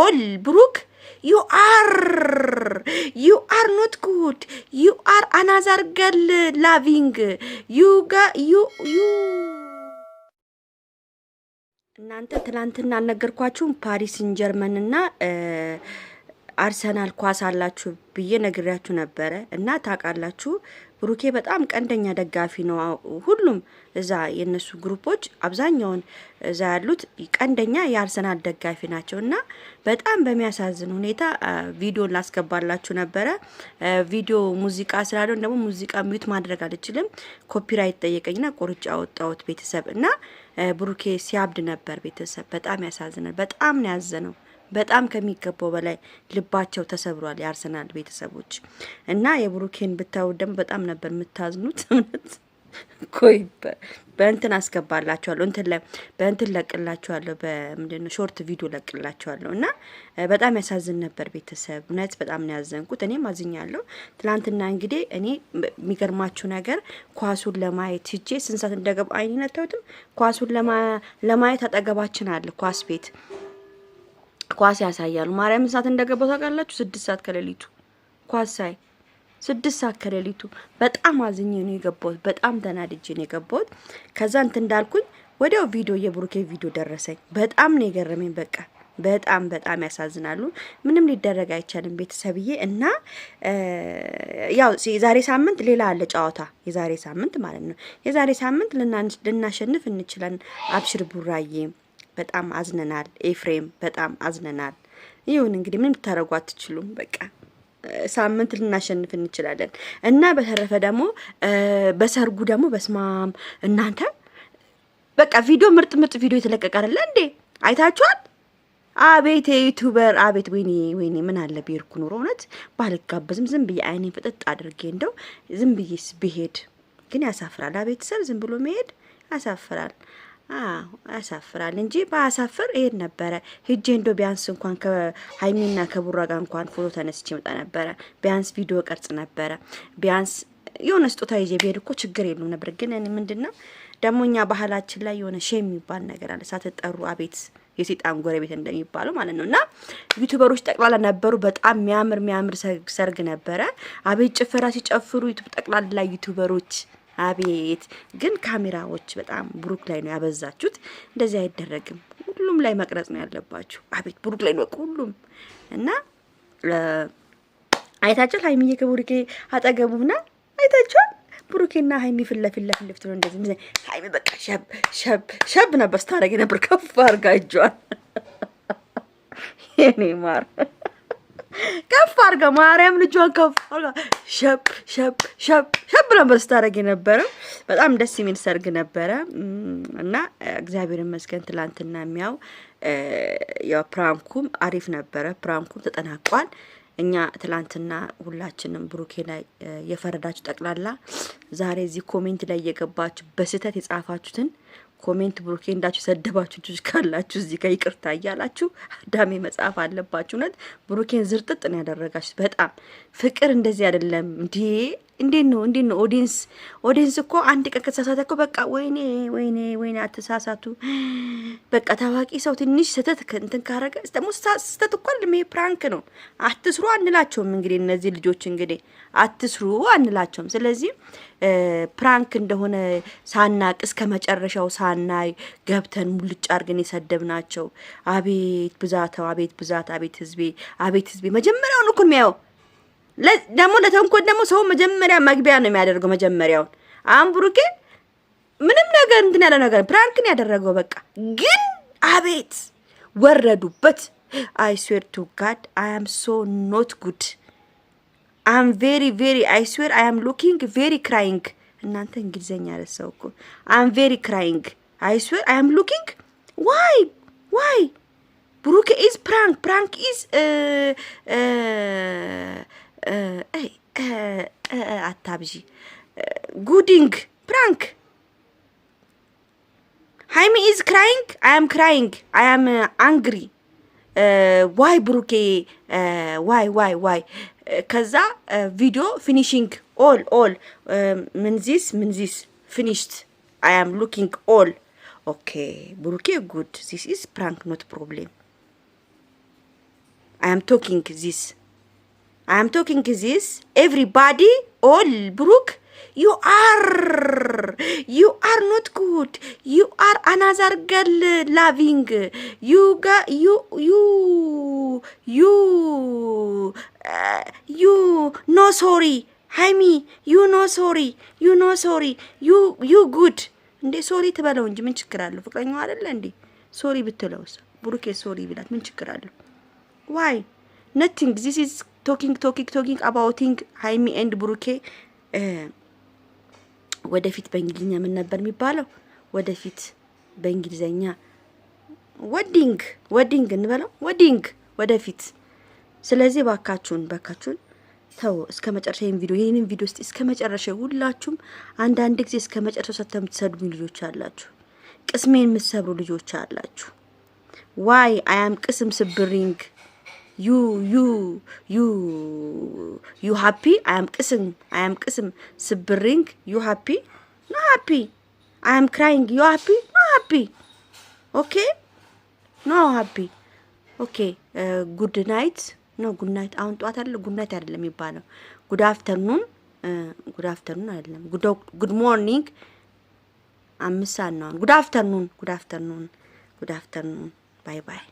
ኦል ብሩክ ዩ አር ዩ አር ኖት ጉድ ዩ አር አናዛር ገል ላቪንግ ዩ ዩ ዩ እናንተ ትላንትና አልነገርኳችሁም? ፓሪስን ጀርመን እና አርሰናል ኳስ አላችሁ ብዬ ነግሬያችሁ ነበረ እና ታውቃላችሁ ብሩኬ በጣም ቀንደኛ ደጋፊ ነው። ሁሉም እዛ የነሱ ግሩፖች አብዛኛውን እዛ ያሉት ቀንደኛ የአርሰናል ደጋፊ ናቸው እና በጣም በሚያሳዝን ሁኔታ ቪዲዮን ላስገባላችሁ ነበረ። ቪዲዮ ሙዚቃ ስላልሆን ደግሞ ሙዚቃ ሚዩት ማድረግ አልችልም፣ ኮፒራይት ጠየቀኝና ቆርጬ አወጣሁት ቤተሰብ እና ብሩኬ ሲያብድ ነበር ቤተሰብ። በጣም ያሳዝናል። በጣም ነው ያዘነው። በጣም ከሚገባው በላይ ልባቸው ተሰብሯል የአርሰናል ቤተሰቦች እና የብሩኬን ብታዩት ደግሞ በጣም ነበር የምታዝኑት። እውነት ኮይ በእንትን አስገባላችኋለሁ እንትን በእንትን ለቅላችኋለሁ በምንድን ነው ሾርት ቪዲዮ ለቅላችኋለሁ። እና በጣም ያሳዝን ነበር ቤተሰብ፣ እውነት በጣም ነው ያዘንኩት። እኔም አዝኛለሁ። ትላንትና እንግዲህ እኔ የሚገርማችሁ ነገር ኳሱን ለማየት ሂጄ ስንት ሰዓት እንደገባ አይኔን አታዩትም። ኳሱን ለማየት አጠገባችን አለ ኳስ ቤት ኳስ ያሳያሉ። ማርያም ሰዓት እንደገባው ታውቃላችሁ። ስድስት ሰዓት ከሌሊቱ ኳስ ሳይ ስድስት ሰዓት ከሌሊቱ በጣም አዝኜ ነው የገባሁት። በጣም ተናድጄ ነው የገባሁት። ከዛ እንትን እንዳልኩኝ ወዲያው ቪዲዮ የብሩኬ ቪዲዮ ደረሰኝ። በጣም ነው የገረመኝ። በቃ በጣም በጣም ያሳዝናሉ። ምንም ሊደረግ አይቻልም ቤተሰብዬ። እና ያው የዛሬ ሳምንት ሌላ አለ ጨዋታ፣ የዛሬ ሳምንት ማለት ነው። የዛሬ ሳምንት ልናሸንፍ እንችለን አብሽር ቡራዬ በጣም አዝነናል። ኤፍሬም በጣም አዝነናል። ይሁን እንግዲህ ምን ብታደርጉ አትችሉም። በቃ ሳምንት ልናሸንፍ እንችላለን። እና በተረፈ ደግሞ በሰርጉ ደግሞ በስማም እናንተ በቃ ቪዲዮ ምርጥ ምርጥ ቪዲዮ የተለቀቀ አይደለ እንዴ? አይታችኋል? አቤት የዩቱበር አቤት! ወይኔ ወይኔ! ምን አለ ብሄድኩ ኑሮ እውነት ባልጋበዝም ዝም ብዬ አይኔን ፍጥጥ አድርጌ እንደው ዝም ብዬስ ብሄድ ግን ያሳፍራል። አቤተሰብ ዝም ብሎ መሄድ ያሳፍራል። ያሳፍራል እንጂ በአሳፍር ይሄድ ነበረ። ሂጄ እንዶ ቢያንስ እንኳን ከሀይሚና ከቡራ ጋር እንኳን ፎቶ ተነስቼ መጣ ነበረ። ቢያንስ ቪዲዮ ቀርጽ ነበረ። ቢያንስ የሆነ ስጦታ ይዤ ብሄድ እኮ ችግር የለም ነበር። ግን እኔ ምንድነው ደግሞ እኛ ባህላችን ላይ የሆነ ሼም የሚባል ነገር አለ። ሳትጠሩ አቤት የሴጣን ጎረቤት እንደሚባለው ማለት ነው። እና ዩቱበሮች ጠቅላላ ነበሩ። በጣም የሚያምር የሚያምር ሰርግ ነበረ። አቤት ጭፈራ ሲጨፍሩ ዩቱብ ጠቅላላ ዩቱበሮች አቤት ግን ካሜራዎች በጣም ብሩክ ላይ ነው ያበዛችሁት። እንደዚህ አይደረግም። ሁሉም ላይ መቅረጽ ነው ያለባችሁ። አቤት ብሩክ ላይ ነው ሁሉም እና አይታችኋል። ሀይሚዬ ከብሩኬ አጠገቡ ና አይታችኋል። ብሩኬና ሀይሚ ፊት ለፊት ለፊት ነው እንደዚህ እንደዚህ። ሀይሚ በቃ ሸብ ሸብ ሸብ ነበር ስታረግ ነበር ከፍ አርጋ እጇል የኔ ማር ከፍ አድርጋ ማርያም ልጇን ከፍ አድርጋ ሸብ ሸብ ሸብ ሸብ ነበር ስታደርግ የነበረው። በጣም ደስ የሚል ሰርግ ነበረ እና እግዚአብሔር ይመስገን ትላንትና የሚያው ያው ፕራንኩም አሪፍ ነበረ። ፕራንኩም ተጠናቋል። እኛ ትላንትና ሁላችንም ብሩኬ ላይ የፈረዳችሁ ጠቅላላ ዛሬ እዚህ ኮሜንት ላይ እየገባችሁ በስህተት የጻፋችሁትን ኮሜንት ብሩኬ እንዳችሁ ሰደባችሁ ልጆች ካላችሁ እዚህ ጋር ይቅርታ እያላችሁ አዳሜ መጽሐፍ አለባችሁ። እውነት ብሩኬን ዝርጥጥ ነው ያደረጋችሁ። በጣም ፍቅር እንደዚህ አይደለም እንዲህ እንዴት ነው እንዴት ነው? ኦዲንስ ኦዲንስ እኮ አንድ ቀን ከተሳሳተ እኮ በቃ ወይኔ ወይኔ ወይኔ አተሳሳቱ በቃ ታዋቂ ሰው ትንሽ ስህተት እንትን ካረገ ደግሞ ስህተት እኮ ልሜ ፕራንክ ነው አትስሩ አንላቸውም። እንግዲህ እነዚህ ልጆች እንግዲህ አትስሩ አንላቸውም። ስለዚህ ፕራንክ እንደሆነ ሳናቅ እስከ መጨረሻው ሳናይ ገብተን ሙልጭ አርገን ናቸው አቤት ብዛተው፣ አቤት ብዛት፣ አቤት ህዝቤ፣ አቤት ህዝቤ መጀመሪያውን እኮ የሚያየው ደግሞ ለተንኮል ደግሞ ሰው መጀመሪያ መግቢያ ነው የሚያደርገው። መጀመሪያውን አሁን ብሩኬ ምንም ነገር እንትን ያለ ነገር ፕራንክን ያደረገው በቃ ግን አቤት ወረዱበት። አይ ስዌር ቱ ጋድ አይ አም ሶ ኖት ጉድ አም ቬሪ ቬሪ አይ ስዌር አይ አም ሉኪንግ ቬሪ ክራይንግ። እናንተ እንግሊዘኛ ረሳው እኮ አም ቬሪ ክራይንግ አይ ስዌር አይ አም ሉኪንግ ዋይ ዋይ ብሩኬ ኢዝ ፕራንክ ፕራንክ ኢዝ አታብዢ ጉዲንግ ፕራንክ ሃይሚ ኢዝ ክራይንግ አይ አም ክራይንግ አይ አም አንግሪ ዋይ ብሩኬ ዋይ ዋይ ዋይ ከዛ ቪዲዮ ፊኒሽንግ ኦል ኦል ምንዚስ ምንዚስ ፊኒሽድ አይ አም ሉኪንግ ኦል ኦኬ ብሩኬ ጉድ ዚስ ኢዝ ፕራንክ ኖት ፕሮብሌም አይ አም ቶኪንግ ዚስ አይ አም ቶኪንግ ዚስ ኤቭሪባዲ ኦል ብሩክ ዩ አር ዩ አር ኖት ጉድ ዩ አር አናዛር ገል ላቪንግ ዩ ዩ ዩ ዩ ዩ ኖ ሶሪ ሃይሚ ዩ ኖ ሶሪ ዩ ኖ ሶሪ ዩ ዩ ጉድ። እንዴ ሶሪ ትበለው እንጂ ምን ችግር አለው? ፍቅረኛው አይደለ እንዴ? ሶሪ ብትለውስ ብሩኬ ሶሪ ብላት ምን ችግር አለው? ዋይ ነቲንግ ዚስ ኢዝ ቶኪንግ ቶኪንግ ቶኪንግ አባውቲንግ ሃይሚ ኤንድ ብሩኬ ወደፊት በእንግሊዝኛ ምን ነበር የሚባለው? ወደፊት በእንግሊዝኛ ወዲንግ ወዲንግ እንበለው፣ ወዲንግ ወደፊት። ስለዚህ ባካችሁን ባካችሁን ተው እስከ መጨረሻ ይህን ቪዲዮ ይህንን ቪዲዮ ውስጥ እስከ መጨረሻ ሁላችሁም፣ አንዳንድ ጊዜ እስከ መጨረሻ ሰተ የምትሰድቡኝ ልጆች አላችሁ፣ ቅስሜን የምትሰብሩ ልጆች አላችሁ። ዋይ አያም ቅስም ስብሪንግ ዩ ዩ ዩ ዩ ሃፒ አያም ቅስም አያም ቅስም ስብሪንግ ዩ ሃፒ ኖ ሃፒ አያም ክራይንግ ዩ ሃፒ ኖ ሃፒ ኦኬ ኖ ሃፒ ኦኬ ጉድ ናይት ኖ ጉድ ናይት አሁን ጠዋት አለ ጉድ ናይት አይደለም የሚባለው ጉድ አፍተርኑን ጉድ አፍተርኑን አይደለም ጉድ ሞርኒንግ አምስት ሰዓት ነው ጉድ አፍተርኑን ጉድ አፍተርኑን ጉድ አፍተርኑን ባይ ባይ